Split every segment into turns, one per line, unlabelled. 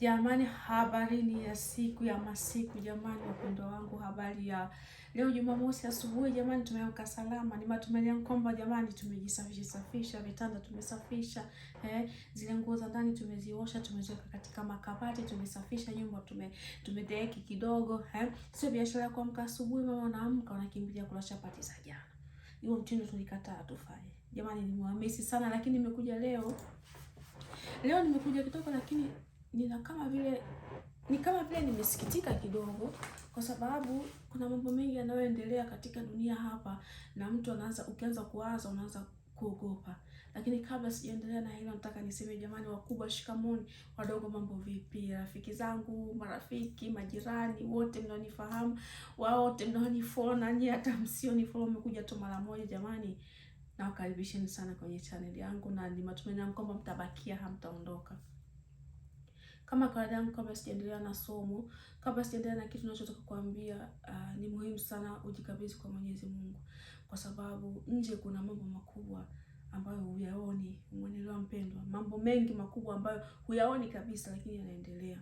Jamani, habari ni ya siku ya masiku. Jamani wapendwa wangu, habari ya leo Jumamosi asubuhi. Jamani, tumeamka salama. Ni matumaini yangu kwamba jamani, tumejisafisha safisha, vitanda tumesafisha, eh, zile nguo za ndani tumeziosha, tumeziweka katika makabati, tumesafisha nyumba, tume tumedeki kidogo, eh. Sio biashara ya kuamka asubuhi, mama unaamka unakimbilia kula chapati za jana. Hiyo mtindo tulikataa tufanye. Jamani, nimewamisi sana, lakini nimekuja leo. Leo nimekuja kidogo lakini nina kama vile ni kama vile nimesikitika kidogo, kwa sababu kuna mambo mengi yanayoendelea katika dunia hapa, na mtu anaanza ukianza kuwaza unaanza kuogopa. Lakini kabla sijaendelea na hilo, nataka niseme jamani, wakubwa shikamoni, wadogo mambo vipi? Rafiki zangu, marafiki, majirani wote mnaonifahamu, wote mnaonifona, nyie hata msionifollow, mmekuja tu mara moja, jamani nawakaribisheni sana kwenye chaneli yangu, na ni matumaini yangu kwamba mtabakia, hamtaondoka. Kama kawaida yangu, kabla sijaendelea na somo, kabla sijaendelea na kitu ninachotaka kuambia, uh, ni muhimu sana ujikabidhi kwa Mwenyezi Mungu, kwa sababu nje kuna mambo makubwa ambayo huyaoni. Umwelewa mpendwa, mambo mengi makubwa ambayo huyaoni kabisa, lakini yanaendelea.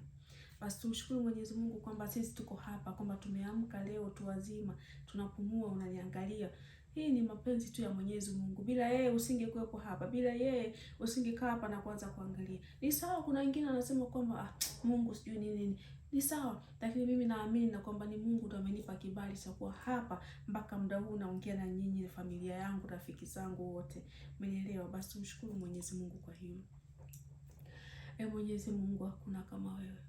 Basi tumshukuru Mwenyezi Mungu kwamba sisi tuko hapa, kwamba tumeamka leo, tu wazima, tunapumua, unaniangalia. Hii ni mapenzi tu ya Mwenyezi Mungu. Bila yeye usingekuwepo hapa, bila yeye usingekaa hapa na kuanza kuangalia. Ni sawa, kuna wengine wanasema kwamba ah, Mungu sijui ni nini ni sawa, lakini mimi naamini na kwamba ni Mungu ndiye amenipa kibali cha kuwa hapa mpaka muda huu naongea na nyinyi na familia yangu, rafiki zangu wote, mmenielewa? Basi mshukuru Mwenyezi Mungu kwa hilo. E Mwenyezi Mungu, hakuna kama wewe.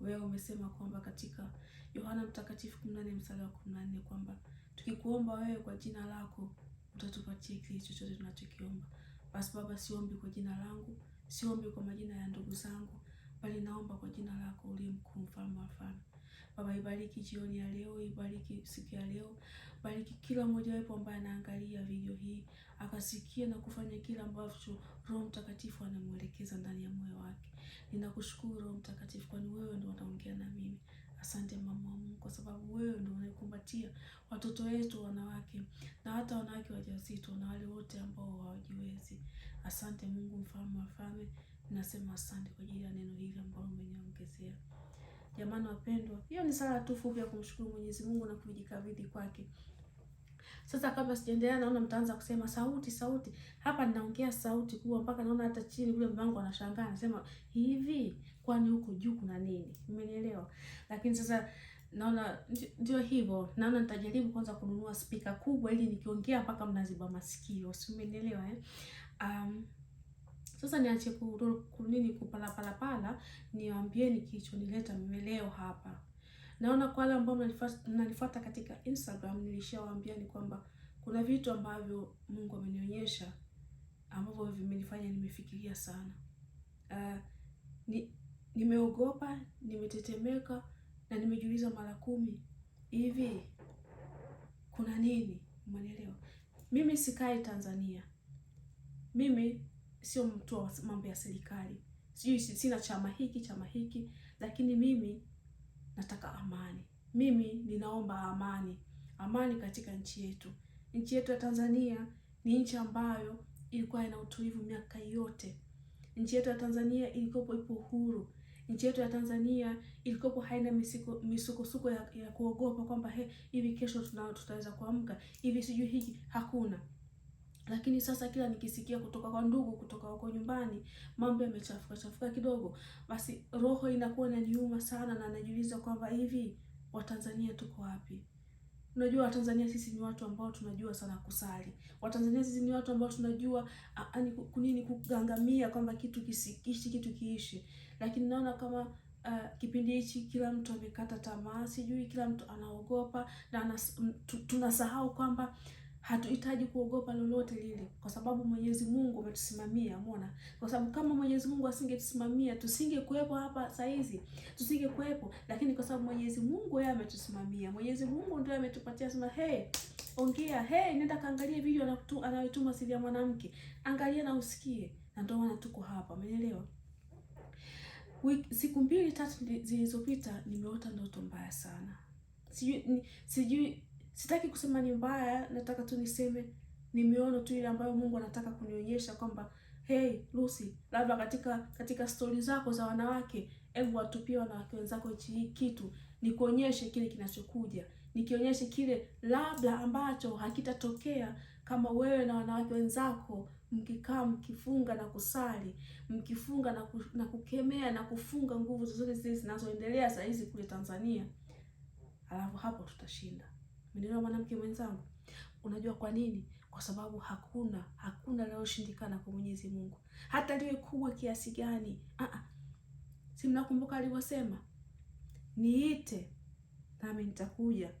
Wewe umesema kwamba katika Yohana Mtakatifu 14 mstari wa 14 kwamba Tukikuomba wewe kwa jina lako utatupatia kile chochote tunachokiomba. Basi Baba, siombi kwa jina langu, siombi kwa majina ya ndugu zangu, bali naomba kwa jina lako uliye mkuu, mfalme wa Baba, ibariki jioni ya leo, ibariki siku ya leo, bariki kila mmoja wetu ambaye anaangalia video hii akasikia na kufanya kile ambacho Roho Mtakatifu anamwelekeza ndani ya moyo wake. Ninakushukuru Roho Mtakatifu, kwani wewe ndio unaongea na mimi. Asante mama wa Mungu kwa sababu wewe ndio unaikumbatia watoto wetu wanawake na hata wanawake wajawazito na wale wote ambao hawajiwezi. Asante Mungu mfalme wa wafalme, nasema asante kwa ajili ya neno hili ambalo umeniongezea. Jamani wapendwa, hiyo ni sala tu fupi ya kumshukuru Mwenyezi Mungu na kujikabidhi kwake. Sasa kabla sijaendelea, naona mtaanza kusema sauti sauti. Hapa ninaongea sauti kubwa mpaka naona hata chini yule mlango anashangaa anasema hivi kwani huko juu kuna nini? Umenielewa? Lakini sasa naona ndio hivyo, naona nitajaribu kwanza kununua spika kubwa, ili nikiongea mpaka mnaziba masikio, si umenielewa eh? Um, sasa niache kunini kupalapalapala, niwaambieni kilichonileta mimi leo hapa. Naona kwa wale ambao mnanifuata katika Instagram, nilishawaambia ni kwamba kuna vitu ambavyo Mungu amenionyesha ambavyo vimenifanya nimefikiria sana. Uh, ni, Nimeogopa, nimetetemeka na nimejiuliza mara kumi, hivi kuna nini? Umenielewa? Mimi sikai Tanzania, mimi sio mtu wa mambo ya serikali, sijui, sina chama hiki chama hiki, lakini mimi nataka amani. Mimi ninaomba amani, amani katika nchi yetu. Nchi yetu ya Tanzania ni nchi ambayo ilikuwa ina utulivu miaka yote. Nchi yetu ya Tanzania ilikuwa ipo huru, nchi yetu ya Tanzania ilikopo haina misukosuko ya, ya kuogopa kwamba he, hivi kesho tuna, tutaweza kuamka hivi sijui hiki, hakuna. Lakini sasa kila nikisikia kutoka kwa ndugu, kutoka huko nyumbani, mambo yamechafuka chafuka kidogo, basi roho inakuwa inaniuma sana, na najiuliza kwamba hivi Watanzania tuko wapi? Unajua, Watanzania sisi ni watu ambao tunajua sana kusali. Watanzania sisi ni watu ambao tunajua a, kunini kugangamia kwamba kitu kisikishi kitu kiishi lakini naona kama uh, kipindi hichi kila mtu amekata tamaa, sijui kila mtu anaogopa na tunasahau kwamba hatuhitaji kuogopa lolote lile, kwa sababu Mwenyezi Mungu ametusimamia. Umeona, kwa sababu kama Mwenyezi Mungu asingetusimamia tusingekuwepo hapa saa hizi, tusingekuwepo. Lakini kwa sababu Mwenyezi Mungu yeye ametusimamia, Mwenyezi Mungu ndiye ametupatia sema, hey, ongea, hey, nenda kaangalie video anayotuma Siri ya Mwanamke, angalia na usikie, na ndio maana tuko hapa, umeelewa? siku mbili tatu zilizopita nimeota ndoto mbaya sana. Sijui ni, sijui sitaki kusema ni mbaya, nataka tu niseme nimeona tu ile ambayo Mungu anataka kunionyesha kwamba hey Lucy, labda katika katika stori zako za wanawake, hebu watupie wanawake wenzako hii kitu, nikuonyeshe kile kinachokuja, nikionyeshe kile labda ambacho hakitatokea kama wewe na wanawake wenzako mkikaa mkifunga na kusali, mkifunga na, ku, na kukemea na kufunga nguvu zozote zile zinazoendelea saa hizi kule Tanzania, alafu hapo tutashinda. Mnielewa mwanamke mwenzangu? Unajua kwa nini? Kwa sababu hakuna hakuna linaloshindikana kwa Mwenyezi Mungu, hata liwe kubwa kiasi gani. Ah, si mnakumbuka alivyosema, niite nami nitakuja,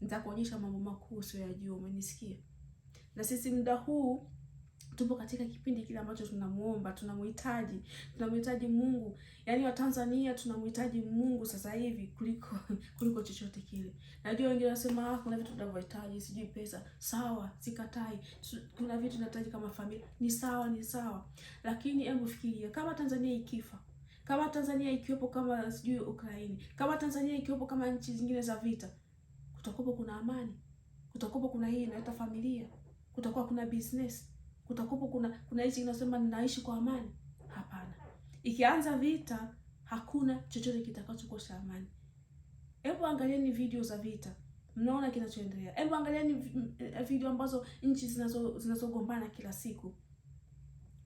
nitakuonyesha mambo makuu usiyojua. Umenisikia? Na sisi muda huu tupo katika kipindi kile ambacho tunamuomba, tunamhitaji, tunamhitaji Mungu. Yaani Watanzania tunamhitaji Mungu sasa hivi kuliko kuliko chochote kile. Najua wengine wanasema ah, kuna vitu tunavyohitaji, sijui pesa. Sawa, sikatai. Kuna vitu tunahitaji kama familia. Ni sawa, ni sawa. Lakini hebu fikiria kama Tanzania ikifa kama Tanzania ikiwepo kama sijui Ukraini, kama Tanzania ikiwepo kama nchi zingine za vita, kutakuwa kuna amani, kutakuwa kuna hii inaita familia, kutakuwa kuna business kutakupo kuna kuna hizi inasema ninaishi kwa amani. Hapana, ikianza vita hakuna chochote kitakachokosa amani. Hebu angalieni video za vita, mnaona kinachoendelea. Hebu angalieni eh, video ambazo nchi zinazo zinazogombana kila siku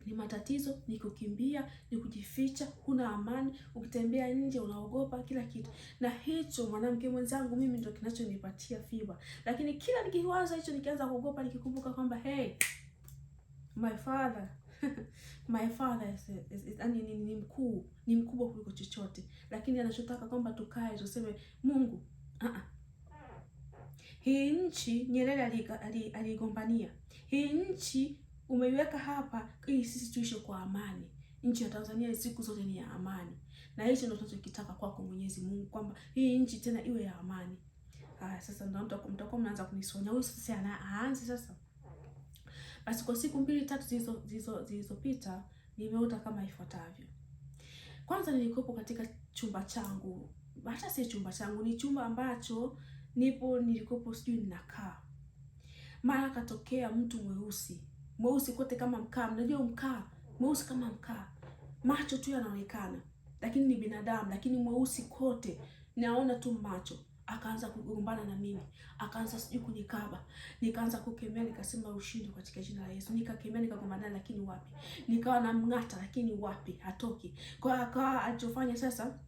ni matatizo, ni kukimbia, ni kujificha, huna amani, ukitembea nje unaogopa kila kitu. Na hicho mwanamke mwenzangu, mimi ndo kinachonipatia fiba, lakini kila nikiwaza hicho, nikianza kuogopa, nikikumbuka kwamba hey my father my father is, is, is, yani, ni, ni mkuu ni mkubwa kuliko chochote, lakini anachotaka kwamba tukae tuseme Mungu uh -uh. Hii nchi Nyerere aliigombania hii nchi umeiweka hapa ili sisi tuishi kwa amani. Nchi ya Tanzania siku zote ni ya amani, na hicho ndio tunachokitaka kwako Mwenyezi Mungu, kwamba hii nchi tena iwe ya amani. Haya, sasa ndio mtakuwa mnaanza kunisonya huyu sasa, aanze sasa basi kwa siku mbili tatu zilizopita nimeota kama ifuatavyo. Kwanza nilikopo katika chumba changu, hata si chumba changu, ni chumba ambacho nipo nilikopo, sijui ninakaa. Mara katokea mtu mweusi mweusi kote kama mkaa, mnajua mkaa mweusi kama mkaa, macho tu yanaonekana, lakini ni binadamu, lakini mweusi kote, naona tu macho akaanza kugombana na mimi, akaanza sijui kunikaba, nikaanza kukemea, nikasema ushindi katika jina la Yesu. Nikakemea, nikagombana, lakini wapi, nikawa namng'ata, lakini wapi, hatoki. Kwa hiyo akawa alichofanya sasa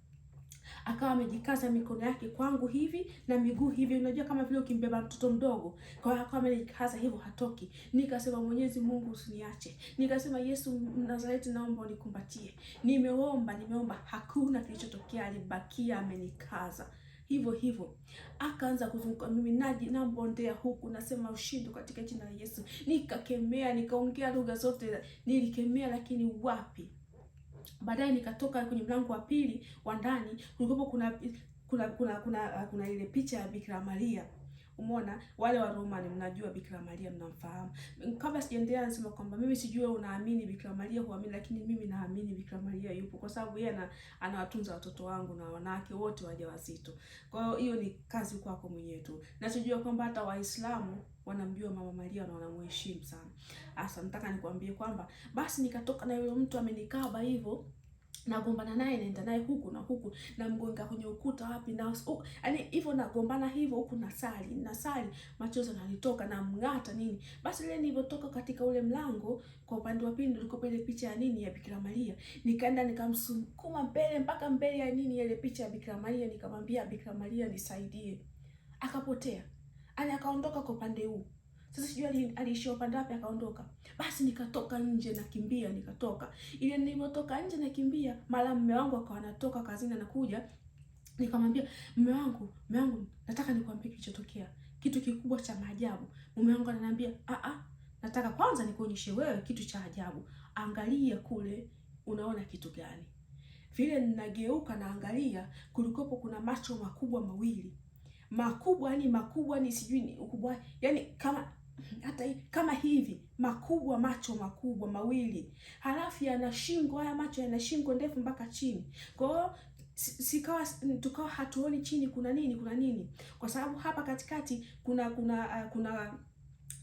akawa amejikaza mikono yake kwangu hivi na miguu hivi, unajua kama vile ukimbeba mtoto mdogo. Kwa hiyo akawa amejikaza hivyo, hatoki. Nikasema Mwenyezi Mungu usiniache, nikasema Yesu Nazareti, naomba unikumbatie. Nimeomba, nimeomba, hakuna kilichotokea, alibakia amenikaza hivyo hivyo. Akaanza kuzunguka mimi naji nambondea huku nasema ushindi katika jina la Yesu, nikakemea, nikaongea lugha zote nilikemea, lakini wapi. Baadaye nikatoka kwenye mlango wa pili wa ndani, kulikuwa kuna kuna kuna kuna, kuna ile picha ya Bikira Maria Umeona wale wa Roma ni mnajua Bikira Maria mnamfahamu. Kabla sijaendelea nasema kwamba mimi sijui unaamini Bikira Maria huamini, lakini mimi naamini Bikira Maria yupo kwa sababu yeye anawatunza watoto wangu na wanawake wote wajawazito. Kwa hiyo hiyo ni kazi kwako mwenyewe tu. Nasijua kwamba hata Waislamu wanamjua Mama Maria na wanamheshimu sana. Asa nataka nikwambie kwamba basi nikatoka na yule mtu amenikaba hivyo nagombana naye naenda naye huku na huku, namgonga kwenye ukuta wapi na oh, yani hivyo nagombana hivyo huku, nasali nasali, machozi yanatoka na mng'ata nini. Basi ile nilivyotoka katika ule mlango kwa upande wa pili ndiko ile picha ya nini ya Bikira Maria, nikaenda nikamsukuma mbele mpaka mbele ya nini ile picha ya Bikira Maria, nikamwambia Bikira Maria nisaidie. Akapotea, ani akaondoka kwa upande huu sasa sijui aliishia upande wapi, akaondoka. Basi nikatoka nje nakimbia, nikatoka. Ile nilipotoka nje nakimbia, mara mume wangu akawa anatoka kazini anakuja, nikamwambia mume wangu, mume wangu, nataka nikwambie kilichotokea, kitu kikubwa cha maajabu. Mume wangu ananiambia a a, nataka kwanza nikuonyeshe wewe kitu cha ajabu, angalia kule, unaona kitu gani? Vile ninageuka naangalia, kulikopo kuna macho makubwa mawili makubwa, yani makubwa, ni sijui ni ukubwa, yani kama hata kama hivi makubwa, macho makubwa mawili, halafu yana shingo, haya macho yana shingo ndefu mpaka chini. Kwa hiyo sikawa tukawa hatuoni chini kuna nini, kuna nini, kwa sababu hapa katikati kuna kuna uh, kuna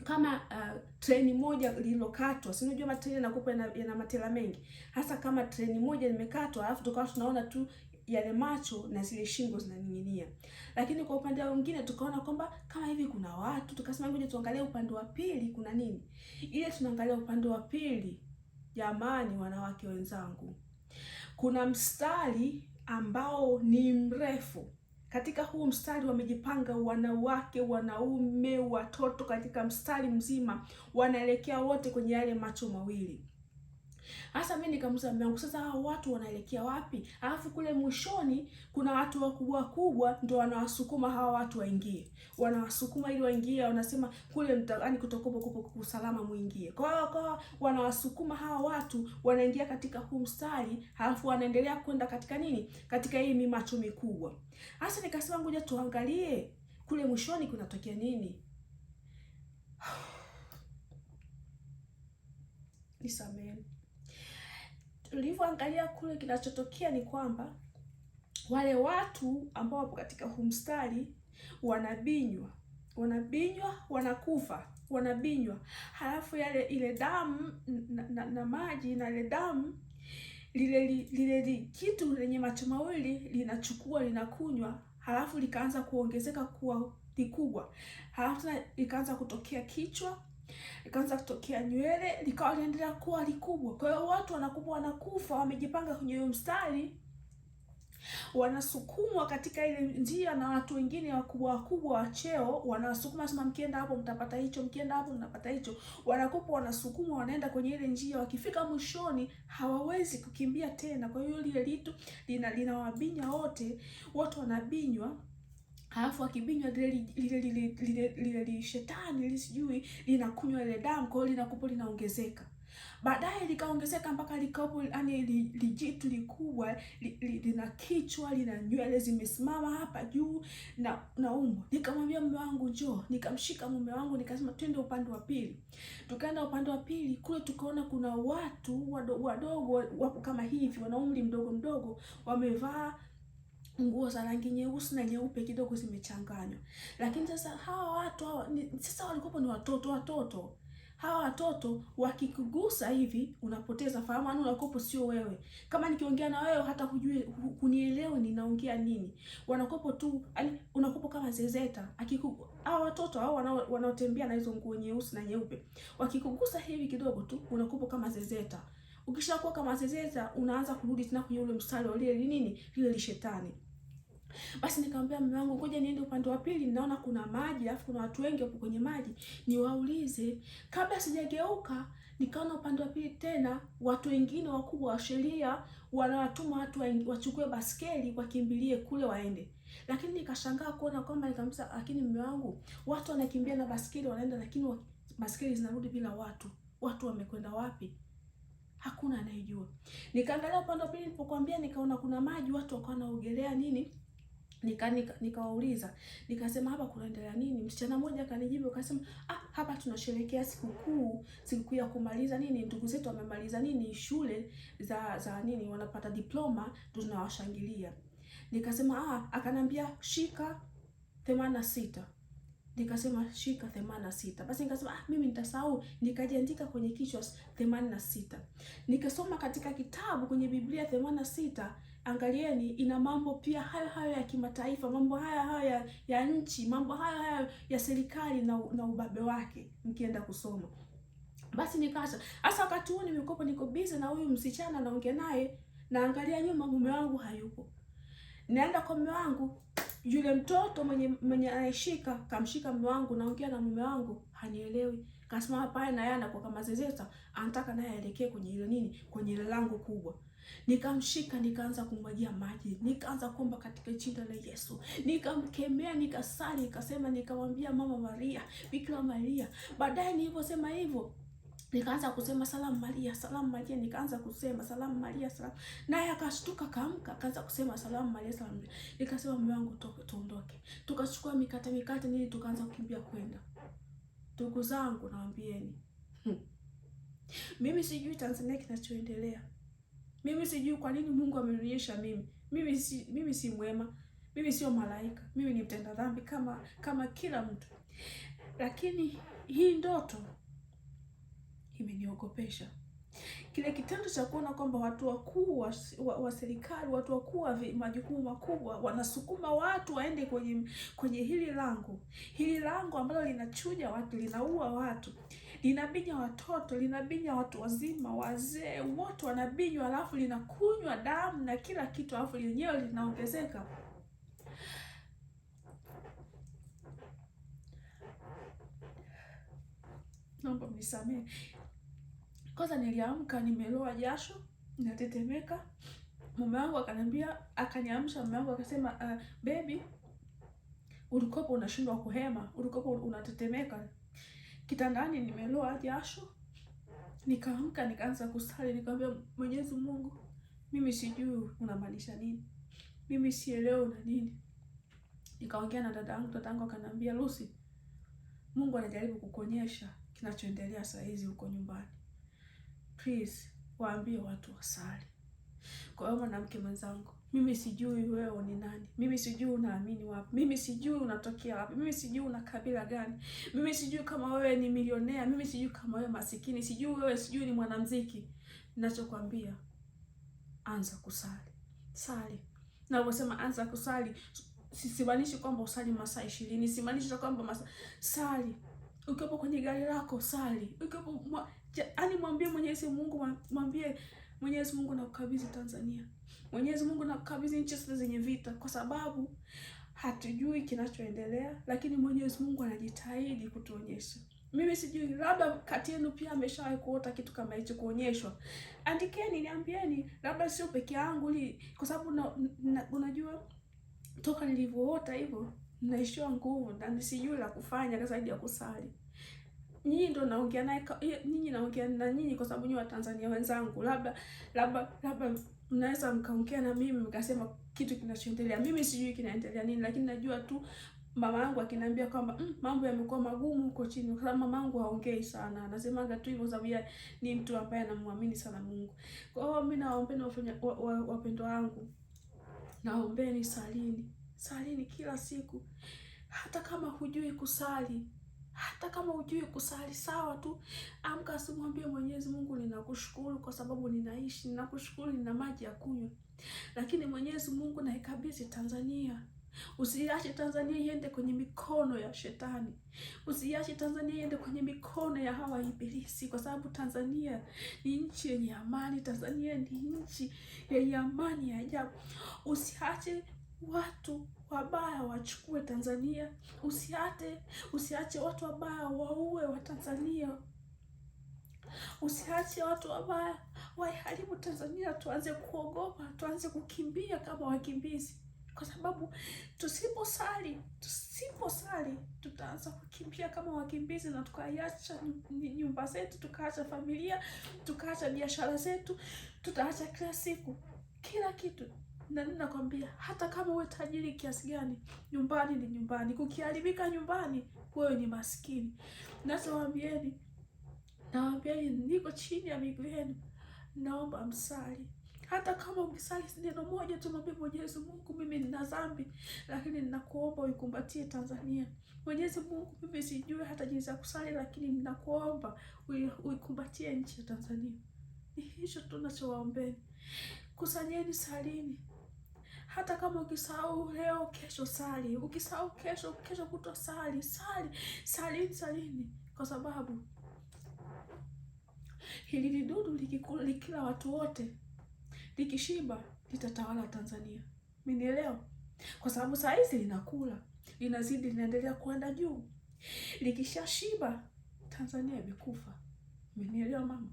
kama uh, treni moja lililokatwa. Si unajua matreni yanakupa yana matela mengi, hasa kama treni moja limekatwa, alafu tukawa tunaona tu yale macho na zile shingo zinaning'inia. Lakini kwa upande mwingine tukaona kwamba kama hivi kuna watu, tukasema ngoja tuangalie upande wa pili kuna nini. Ile tunaangalia upande wa pili, jamani, wanawake wenzangu, kuna mstari ambao ni mrefu. Katika huu mstari wamejipanga wanawake, wanaume, watoto, katika mstari mzima wanaelekea wote kwenye yale macho mawili. Hasa mimi nikamuuliza mume wangu, sasa hao watu wanaelekea wapi? Alafu kule mwishoni kuna watu wakubwa wakubwa ndio wanawasukuma hawa watu waingie. Wanawasukuma ili waingie, wanasema kule mtaani kutakuwa kupo usalama muingie. Kwa hiyo kwa wanawasukuma hawa watu wanaingia katika huu mstari, alafu wanaendelea kwenda katika nini? Katika hii mimacho mikubwa. Hasa nikasema ngoja tuangalie kule mwishoni kunatokea nini? Nisameheni tulivyoangalia kule, kinachotokea ni kwamba wale watu ambao wapo katika huu mstari wanabinywa, wanabinywa, wanakufa, wanabinywa, halafu yale ile damu na, na, na maji na ile damu lile, lile, kitu lenye macho mawili linachukua linakunywa, halafu likaanza kuongezeka kuwa likubwa, halafu ikaanza kutokea kichwa ikaanza kutokea nywele, likawa linaendelea kuwa likubwa. Kwa hiyo watu wanakuwa wanakufa wamejipanga kwenye huyo mstari, wanasukumwa katika ile njia na watu wengine wakubwa wakubwa wa cheo, wanasukuma sema, mkienda hapo mtapata hicho, mkienda hapo mtapata hicho. wanakupa wanasukumwa, wanaenda kwenye ile njia, wakifika mwishoni hawawezi kukimbia tena. Kwa hiyo lile litu linawabinya wote, watu wanabinywa halafu akibinywa lile lile lile lile lile shetani ili sijui linakunywa ile damu, kwa hiyo linakupo linaongezeka, baadaye likaongezeka mpaka likapo, yani lijitu likubwa li, li, lina kichwa lina nywele zimesimama hapa juu na na Nikamwambia mume wangu njoo, nikamshika mume wangu nikasema twende upande wa pili. Tukaenda upande wa pili kule, tukaona kuna watu wadogo wadogo wapo kama hivi, wana umri mdogo mdogo, wamevaa nguo za rangi nyeusi na nyeupe kidogo zimechanganywa. Lakini sasa hawa watu hawa ni, sasa walikuwa ni watoto watoto. Hawa watoto wakikugusa hivi unapoteza fahamu, yani unakopo sio wewe. Kama nikiongea na wewe hata hujui kunielewe ninaongea nini. Wanakopo tu yani unakopo kama zezeta. Akiku hawa watoto hao wanaotembea na hizo nguo nyeusi na nyeupe. Wakikugusa hivi kidogo tu unakopo kama zezeta. Ukishakuwa kama zezeta unaanza kurudi tena kwenye ule mstari wa lile nini lile lishetani. Basi nikamwambia mume wangu, ngoja niende upande wa pili, naona kuna maji, alafu kuna watu wengi hapo kwenye maji, niwaulize. Kabla sijageuka, nikaona upande wa pili tena watu wengine wakubwa wa sheria wanawatuma watu wachukue baskeli wakimbilie kule waende, lakini nikashangaa kuona kwamba nikamsa, lakini mume wangu, watu wanakimbia na baskeli wanaenda, lakini baskeli zinarudi bila watu. Watu wamekwenda wapi? Hakuna anayejua. Nikaangalia upande wa pili nilipokuambia, nikaona kuna maji, watu wakawa naogelea nini Nikawauliza nika, nikasema hapa kunaendelea nini? Msichana mmoja akanijibu akasema, ah, hapa tunasherehekea sikukuu, sikukuu ya kumaliza nini, ndugu zetu wamemaliza nini shule za za nini, wanapata diploma, tunawashangilia. Nikasema ah, akanambia shika sita nikasema shika sita. Basi nikasema ah, mimi nitasahau, nikajiandika kwenye kichwa sita Nikasoma katika kitabu kwenye Biblia sita angalieni, ina mambo pia hayo hayo ya kimataifa, mambo haya hayo ya, ya nchi, mambo hayo hayo ya serikali na, na ubabe wake, mkienda kusoma. Basi nikaacha. Hasa wakati huu nimekopa, niko busy na huyu msichana naongea naye, naangalia nyuma, mume wangu hayupo, naenda kwa mume wangu yule mtoto mwenye mwenye anayeshika kamshika mume wangu, naongea na mume wangu hanielewi, Kasema hapa na yana kwa kama zezeta, anataka naye aelekee kwenye ile nini, kwenye ile lango kubwa. Nikamshika, nikaanza kumwagia maji, nikaanza kuomba katika jina la Yesu, nikamkemea, nikasali, nikasema, nikamwambia Mama Maria, Bikira Maria. Baadaye niliposema hivyo nikaanza kusema salamu Maria, salamu Maria, nikaanza kusema salamu Maria, salamu. Naye akashtuka kaamka, akaanza kusema salamu Maria, salamu. Nikasema mume wangu tuondoke, tukachukua mikate mikate nini, tukaanza kukimbia kwenda. Ndugu zangu nawaambieni, hmm. Mimi sijui Tanzania kinachoendelea mimi sijui kwa nini Mungu amenionyesha mimi. Mimi si mimi si mwema. Mimi sio malaika. Mimi ni mtenda dhambi kama kama kila mtu. Lakini hii ndoto imeniogopesha. Kile kitendo cha kuona kwamba watu wakuu wa, wa, serikali, watu wakuu wa majukumu makubwa wanasukuma watu waende kwenye kwenye hili lango, hili lango ambalo linachuja watu, linaua watu linabinya watoto, linabinya watu wazima, wazee, wote wanabinywa, alafu linakunywa damu na kila kitu, alafu lenyewe linaongezeka. Naomba mnisamehe. Kwanza niliamka nimeloa jasho, natetemeka. Mume wangu akaniambia, akaniamsha mume wangu akasema, uh, baby, ulikopo unashindwa kuhema, ulikopo unatetemeka kitandani nimeloa jasho, nikaamka nikaanza kusali, nikamwambia Mwenyezi Mungu, mimi sijui unamaanisha nini, mimi sielewi una nini. Nikaongea na dada yangu, dada yangu akaniambia Lucy, Mungu anajaribu kukuonyesha kinachoendelea saa hizi huko nyumbani, please waambie watu wasali. Kwa hiyo mwanamke mwenzangu mimi sijui wewe ni nani, mimi sijui unaamini wapi, mimi sijui unatokea wapi, mimi sijui una kabila gani, mimi sijui kama wewe ni milionea, mimi sijui kama wewe masikini, sijui wewe, sijui ni mwanamuziki. Ninachokwambia, anza kusali, sali. Naposema anza kusali, simaanishi kwamba usali masaa ishirini, simaanishi kwamba masaa, sali ukiwepo kwenye gari lako sali, ukiwepo, yaani mwambie Mwenyezi Mungu, mwambie Mwenyezi Mungu, nakukabidhi Tanzania Mwenyezi Mungu nakukabidhi nchi zote zenye vita, kwa sababu hatujui kinachoendelea, lakini Mwenyezi Mungu anajitahidi kutuonyesha. Mimi sijui, labda kati yenu pia ameshawahi kuota kitu kama hicho kuonyeshwa. Andikeni, niambieni, labda sio peke yangu li, kwa sababu unajua toka nilivyoota hivyo naishiwa nguvu na sijui la kufanya zaidi ya kusali. Nyinyi ndio naongea naye, nyinyi naongea na nyinyi kwa sababu nyinyi Tanzania wenzangu, labda labda labda mnaweza mkaongea na mimi mkasema kitu kinachoendelea. Mimi sijui kinaendelea nini, lakini najua tu mama yangu akiniambia kwamba mm, mambo yamekuwa magumu huko chini, kwa sababu mama yangu haongei sana, anasemaga tu hivyo, sababu ni mtu ambaye anamwamini sana Mungu. Kwa hiyo mimi nawaombeni wapendwa wangu, naombeni salini, salini kila siku, hata kama hujui kusali hata kama ujui kusali, sawa tu, amka asimwambie Mwenyezi Mungu, ninakushukuru kwa sababu ninaishi, ninakushukuru nina maji ya kunywa. Lakini Mwenyezi Mungu, naikabidhi Tanzania. Usiache Tanzania iende kwenye mikono ya shetani, usiache Tanzania iende kwenye mikono ya hawa ibilisi, kwa sababu Tanzania ni nchi yenye amani. Tanzania ni nchi yenye amani ya ajabu. Usiache watu wabaya wachukue Tanzania. Usiate, usiache watu wabaya waue tanzania Usiache watu wabaya waiharibu Tanzania, tuanze kuogopa, tuanze kukimbia kama wakimbizi, kwa sababu tusiposali, tusiposali tutaanza kukimbia kama wakimbizi, na tukaiacha nyumba zetu, tukaacha familia, tukaacha biashara zetu, tutaacha kila siku, kila kitu na nakwambia, hata kama uwe tajiri kiasi gani, nyumbani ni nyumbani. Kukiharibika nyumbani, wewe ni maskini. Nachowaambieni, nawaambieni, niko chini ya miguu yenu, naomba msali hata kama ukisali neno moja tu, mwambie Mwenyezi Mungu, mimi nina dhambi, lakini ninakuomba uikumbatie Tanzania. Mwenyezi Mungu, mimi sijui hata jinsi ya kusali, lakini ninakuomba uikumbatie nchi ya Tanzania. Ni hicho tunachowaombeni, kusanyeni, salini. Hata kama ukisahau leo, kesho sali, ukisahau kesho, kesho kutwa sali, sali salini, salini, kwa sababu hili lidudu likila watu wote, likishiba litatawala Tanzania. Mmenielewa? Kwa sababu saa hizi linakula, linazidi, linaendelea kuanda juu. Likishashiba Tanzania imekufa. Mmenielewa mama?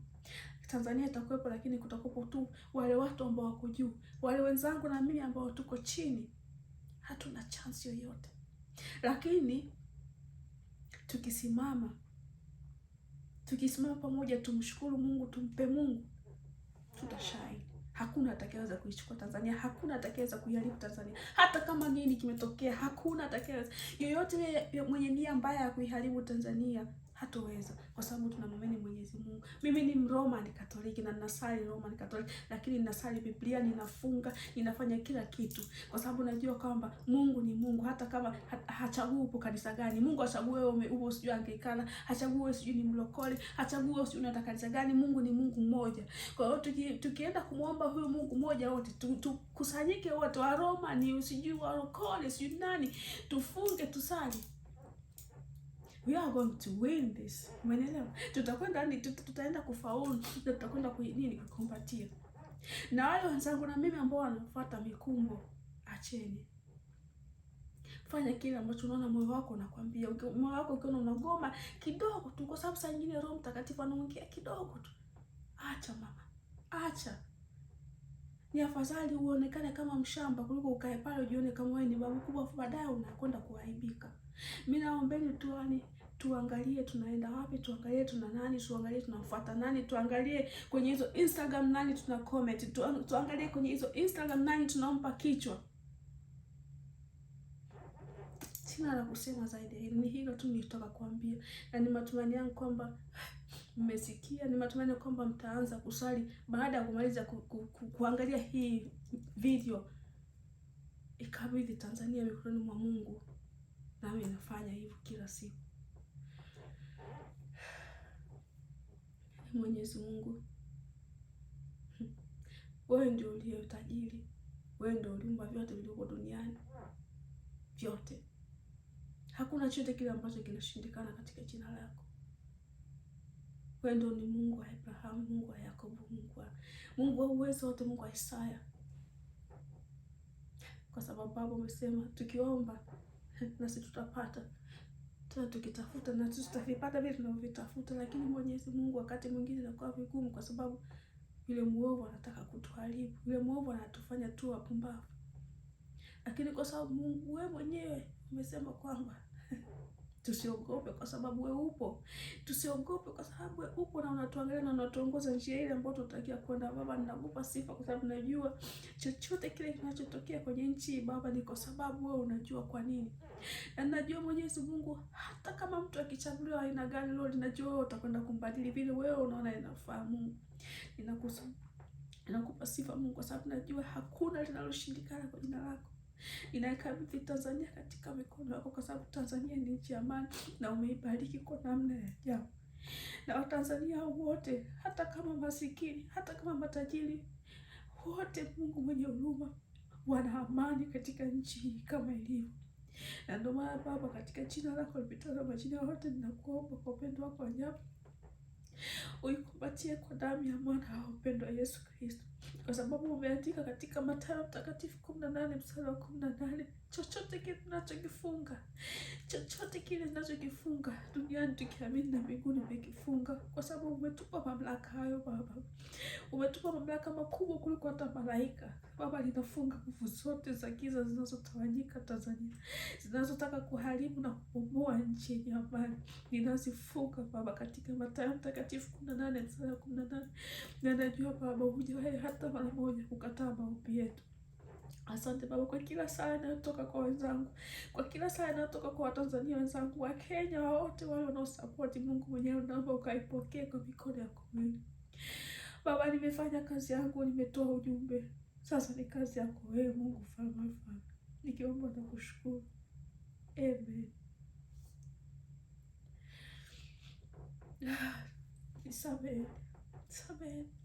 Tanzania itakuwepo, lakini kutakuwepo tu wale watu ambao wako juu, wale wenzangu na mimi ambao tuko chini, hatuna chance yoyote. Lakini tukisimama, tukisimama pamoja, tumshukuru Mungu, tumpe Mungu, tutashine. Hakuna atakayeweza kuichukua Tanzania, hakuna atakayeweza kuiharibu Tanzania. Hata kama nini kimetokea, hakuna atakayeweza yoyote mwenye nia mbaya ya kuiharibu Tanzania Hatuweza kwa sababu tunamwamini Mwenyezi Mungu. Mimi ni Roman Catholic na ninasali Roman Catholic, lakini ninasali Biblia, ninafunga, ninafanya kila kitu kwa sababu najua kwamba Mungu ni Mungu, hata kama hachagui upo kanisa gani. Mungu achagui wewe upo sijui Anglikana, hachagui wewe sijui ni mlokole, hachagui wewe sijui unataka kanisa gani. Mungu ni Mungu mmoja. Kwa hiyo tuki, tukienda kumwomba huyo Mungu mmoja wote, tukusanyike tu, wote, wa Roma ni usijui wa lokole sijui nani, tufunge tusali we are going to win this. Umeelewa? Tutakwenda tutaenda kufaulu na tutakwenda ku nini kukumbatia. Na wale wenzangu na mimi ambao wanafuata mikumbo, acheni. Fanya kile ambacho unaona moyo wako unakwambia. Moyo wako ukiona unagoma kidogo tu, kwa sababu saa nyingine Roho Mtakatifu anaongea kidogo tu. Acha mama, acha. Ni afadhali uonekane kama mshamba kuliko ukae pale ujione kama wewe ni babu kubwa, baadaye unakwenda kuaibika. Mimi naombeni tu, yani tuangalie tunaenda wapi, tuangalie tuna nani, tuangalie tunafuata nani, tuangalie kwenye hizo Instagram nani tuna comment, tuangalie kwenye hizo Instagram nani tunampa kichwa. Sina la kusema zaidi, ni hilo tu nilitaka kuambia, na ni matumaini yangu kwamba mmesikia. Ni matumaini kwamba mtaanza kusali baada ya kumaliza ku, ku, ku, kuangalia hii video. Ikabidhi Tanzania mikononi mwa Mungu, nami nafanya hivyo kila siku. Mwenyezi Mungu, wewe ndio uliye utajiri, wewe ndio uliumba vyote vilivyokuwa duniani vyote. Hakuna chote kile ambacho kinashindikana katika jina lako. Wewe ndio ni Mungu wa Abrahamu, Mungu wa Yakobo, Mungu wa Mungu wa uwezo wote, Mungu wa Isaya, kwa sababu Baba umesema tukiomba nasi tutapata Tuna tukitafuta na tutavipata vile tunavyovitafuta, lakini Mwenyezi Mungu wakati mwingine inakuwa vigumu, kwa sababu yule mwovu anataka kutuharibu, yule mwovu anatufanya tu wapumbavu, lakini kwa sababu Mungu wewe mwenyewe umesema kwamba Tusiogope kwa sababu wewe upo, tusiogope kwa sababu wewe upo na unatuangalia na unatuongoza njia ile ambayo tunatakiwa kwenda. Baba, ninakupa sifa kwa sababu najua chochote kile kinachotokea kwenye nchi Baba ni kwa sababu wewe unajua kwa nini, na najua Mwenyezi Mungu, hata kama mtu akichaguliwa aina gani, Lord, najua wewe utakwenda kumbadili vile wewe unaona inafaa. Mungu, ninakupa sifa Mungu kwa sababu najua hakuna linaloshindikana kwa jina lako inakabidhi Tanzania katika mikono yako, kwa sababu Tanzania ni nchi ya amani na umeibariki kwa namna ya ajabu. Na Watanzania wote, hata kama masikini, hata kama matajiri, wote Mungu mwenye huruma, wana amani katika nchi hii kama ilivyo. Na ndio maana Baba, katika jina lako lipitalo majina yote, ninakuomba kwa upendo wako ajabu uikumbatie kwa damu ya mwana wa upendo Yesu Kristo kwa sababu umeandika katika Mathayo mtakatifu kumi na nane mstari wa kumi na nane chochote kile tunachokifunga, chochote kile tunachokifunga duniani tukiamini na mbinguni umekifunga, kwa sababu umetupa mamlaka hayo Baba. Umetupa mamlaka makubwa kuliko hata malaika Baba. Linafunga nguvu zote za giza zinazotawanyika Tanzania, zinazotaka kuharibu na kubomoa nchi yenye amani, ninazifunga Baba katika Mathayo Mtakatifu kumi na nane mstari wa kumi na nane na najua Baba hujawahi hata mara moja kukataa maombi yetu. Asante Baba kwa kila sala inayotoka kwa wenzangu, kwa kila sala inayotoka kwa Watanzania wenzangu, Wakenya wote wale wanaosapoti. Mungu mwenyewe, naomba ukaipokee kwa mikono yako miwili. Baba, nimefanya kazi yangu, nimetoa ujumbe, sasa ni kazi yako wewe. Mungu mfalme, nikiomba na kushukuru, amen. Nisamehe, nisamehe.